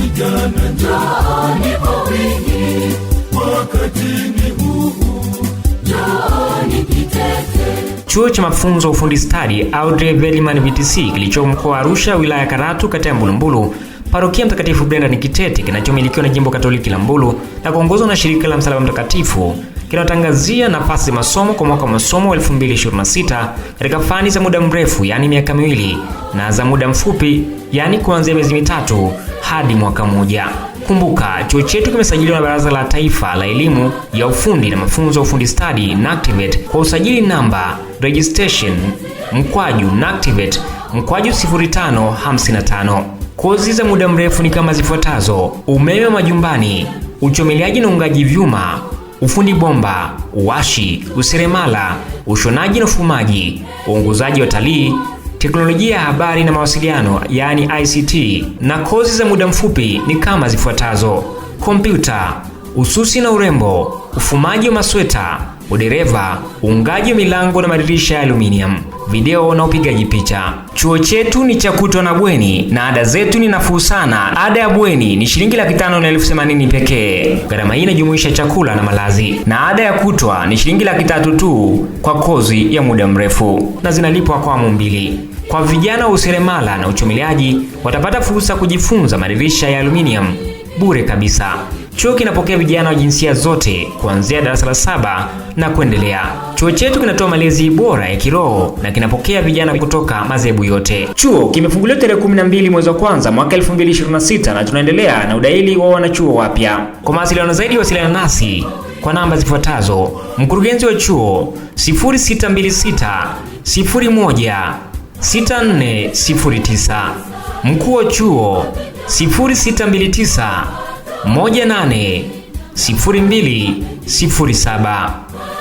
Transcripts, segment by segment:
Vijana njooni kwa wingi, wakati huu njooni kitete. Chuo cha mafunzo ufundi stadi Audrey Veliman VTC kilicho mkoa wa Arusha, wilaya ya Karatu, kata ya Mbulumbulu, parokia Mtakatifu Brenda Kitete, kinachomilikiwa na jimbo Katoliki la Mbulu na kuongozwa na shirika la Msalaba Mtakatifu kinatangazia nafasi za masomo kwa mwaka masomo 2026 katika fani za muda mrefu yaani miaka miwili na za muda mfupi yaani kuanzia miezi mitatu hadi mwaka mmoja. Kumbuka, chuo chetu kimesajiliwa na Baraza la Taifa la Elimu ya Ufundi na Mafunzo ya Ufundi Stadi NACTIVATE kwa usajili namba registration mkwaju NACTIVATE mkwaju 0555. Kozi za muda mrefu ni kama zifuatazo: umeme majumbani, uchomeleaji na ungaji vyuma ufundi bomba, uwashi, useremala, ushonaji na ufumaji, uongozaji wa talii, teknolojia ya habari na mawasiliano, yaani ICT, na kozi za muda mfupi ni kama zifuatazo: kompyuta, ususi na urembo, ufumaji wa masweta udereva, uungaji milango na madirisha ya aluminium, video na upigaji picha. Chuo chetu ni cha kutwa na bweni na ada zetu ni nafuu sana. Ada ya bweni ni shilingi laki tano na elfu themanini pekee. Gharama hii inajumuisha chakula na malazi, na ada ya kutwa ni shilingi laki tatu tu kwa kozi ya muda mrefu, na zinalipwa kwa awamu mbili. Kwa vijana wa useremala na uchomeleaji watapata fursa kujifunza madirisha ya aluminium bure kabisa. Chuo kinapokea vijana wa jinsia zote kuanzia darasa la saba na kuendelea. Chuo chetu kinatoa malezi bora ya kiroho na kinapokea vijana kutoka madhehebu yote. Chuo kimefunguliwa tarehe 12 mwezi wa kwanza mwaka 2026 na tunaendelea na udahili wa wanachuo wapya. Kwa mawasiliano zaidi, wasiliana nasi kwa namba zifuatazo: mkurugenzi wa chuo 0626 01 6409, mkuu wa chuo 0629 18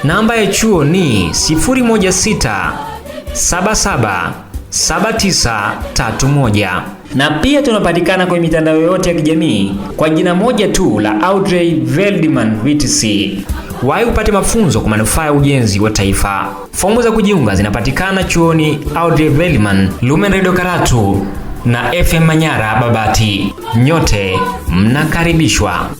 Namba ya chuo ni 016 77 na pia tunapatikana kwenye mitandao yote ya kijamii kwa jina moja tu la Audrey Veldman VTC. Wahi upate mafunzo kwa manufaa ya ujenzi wa taifa. Fomu za kujiunga zinapatikana chuoni Audrey Veldman, Lumen Radio Karatu na FM Manyara Babati, nyote mnakaribishwa.